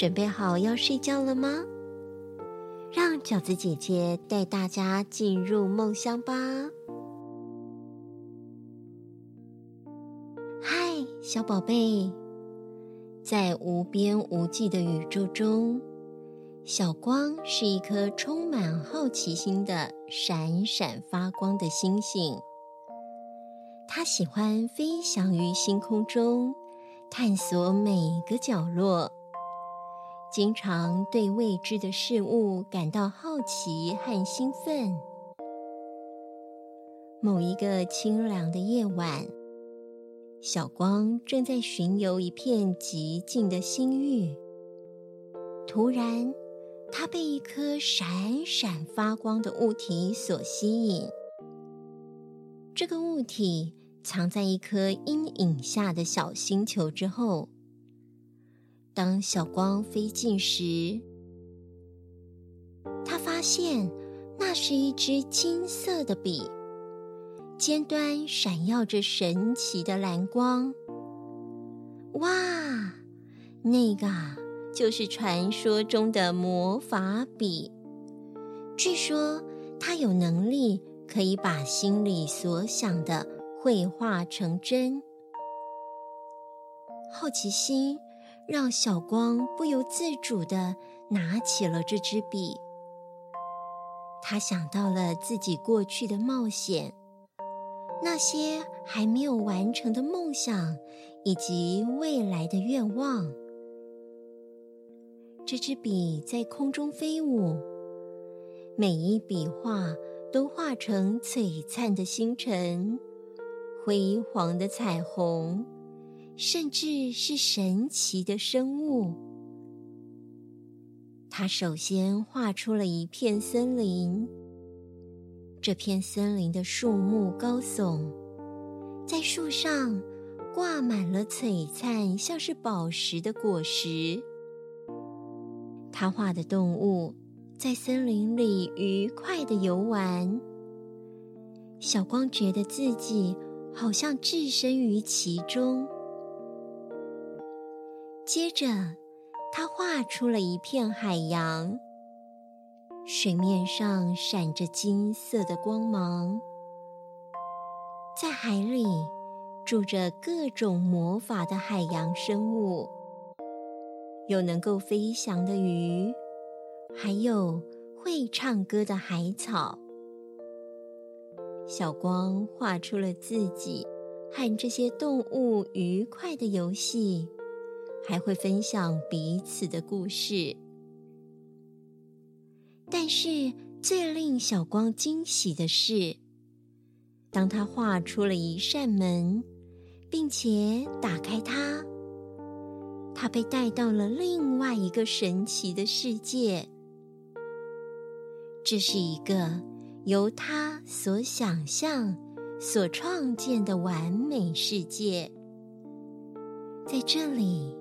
準備好要睡覺了嗎？讓餃子姐姐帶大家進入夢鄉吧。嗨，小寶貝，在無邊無際的宇宙中，小光是一顆充滿好奇心的閃閃發光的星星。他喜歡飛翔於星空中，探索每個角落。經常對未知的事物感到好奇和興奮。某一個清涼的夜晚，小光正在巡遊一片寂靜的星域。突然，他被一顆閃閃發光的物體所吸引。這個物體藏在一顆陰影下的小星球之後。當小光飛進時，他發現那是一支金色的筆，尖端閃耀着神奇的藍光。哇，那個就是傳說中的魔法筆。據說它有能力可以把心裡所想的繪畫成真。好奇心。讓小光不由自主地拿起了這支筆，他想到了自己過去的冒險，那些還沒有完成的夢想，以及未來的願望。這支筆在空中飛舞，每一筆畫都畫成璀璨的星辰、輝煌的彩虹。甚至是神奇的生物。他首先畫出了一片森林，這片森林的樹木高聳，在樹上掛滿了璀璨，像是寶石的果實。他畫的動物在森林裡愉快地游玩。小光覺得自己好像置身於其中。接着，他畫出了一片海洋，水面上閃着金色的光芒。在海裡，住着各種魔法的海洋生物，有能夠飛翔的魚，還有會唱歌的海草。小光畫出了自己和這些動物愉快的遊戲。還會分享彼此的故事。但是最令小光驚喜的是，當他畫出了一扇門，並且打開它，他被帶到了另外一個神奇的世界。這是一個由他所想象、所創建的完美世界。在這裡。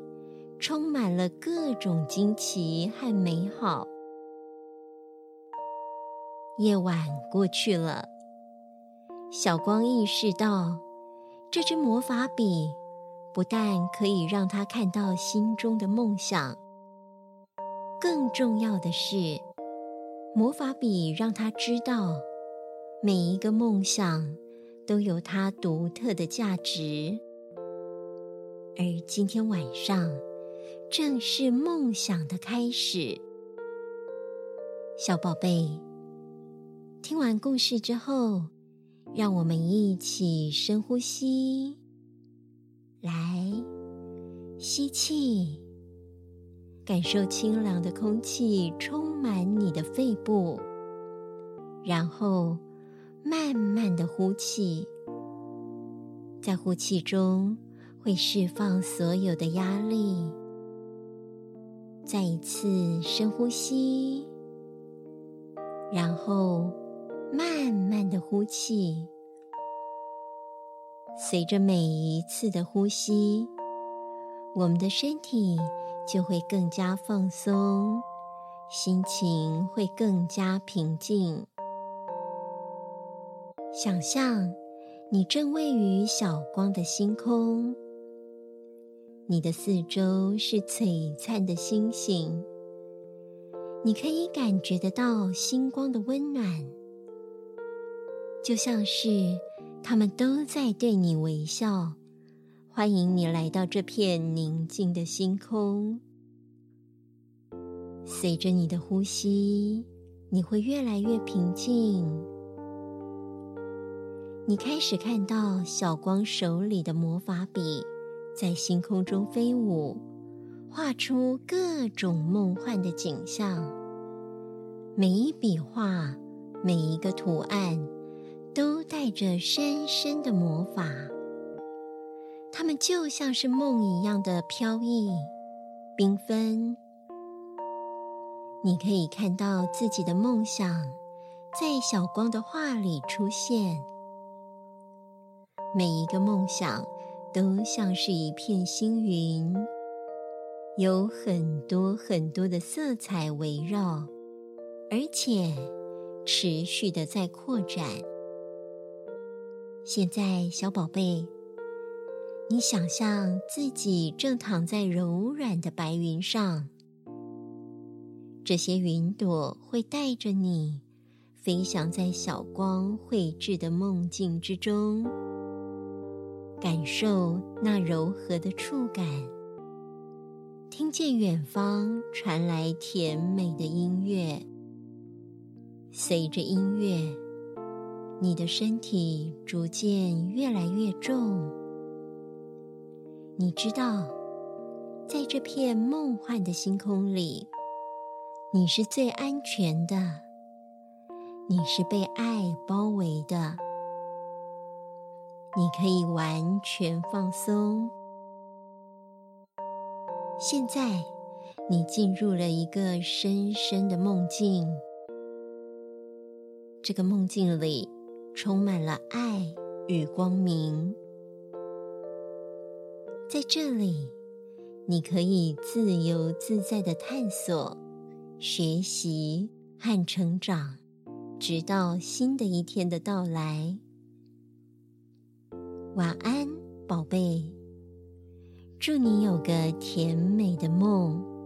充滿了各種驚奇和美好。夜晚過去了，小光意識到，這支魔法筆不但可以讓他看到心中的夢想，更重要的是，魔法筆讓他知道，每一個夢想都有它獨特的價值。而今天晚上，正是夢想的開始，小寶貝。聽完故事之後，讓我們一起深呼吸，來吸氣，感受清涼的空氣充滿你的肺部，然後慢慢的呼氣，在呼氣中會釋放所有的壓力。再一次深呼吸，然後慢慢的呼氣。隨着每一次的呼吸，我們的身體就會更加放鬆，心情會更加平靜。想象你正位於小光的星空。你的四周是璀璨的星星，你可以感覺得到星光的溫暖，就像是他們都在對你微笑，歡迎你來到這片寧靜的星空。隨着你的呼吸，你會越來越平靜。你開始看到小光手裡的魔法筆。在星空中飛舞，畫出各種夢幻的景象。每一筆畫，每一個圖案，都帶着深深的魔法。它們就像是夢一樣的飄逸、繽紛。你可以看到自己的夢想在小光的畫裡出現。每一個夢想。都像是一片星雲，有很多很多的色彩圍繞，而且持續的在擴展。現在，小寶貝，你想象自己正躺在柔軟的白雲上，這些雲朵會帶着你飛翔在小光繪製的夢境之中。感受那柔和的觸感，聽見遠方傳來甜美的音樂。隨着音樂，你的身體逐漸越來越重。你知道，在這片夢幻的星空裡，你是最安全的，你是被愛包圍的。你可以完全放鬆。現在，你進入了一個深深的夢境。這個夢境裡充滿了愛與光明。在這裡，你可以自由自在地探索、學習和成長，直到新的一天的到來。晚安，寶貝。祝你有個甜美的夢。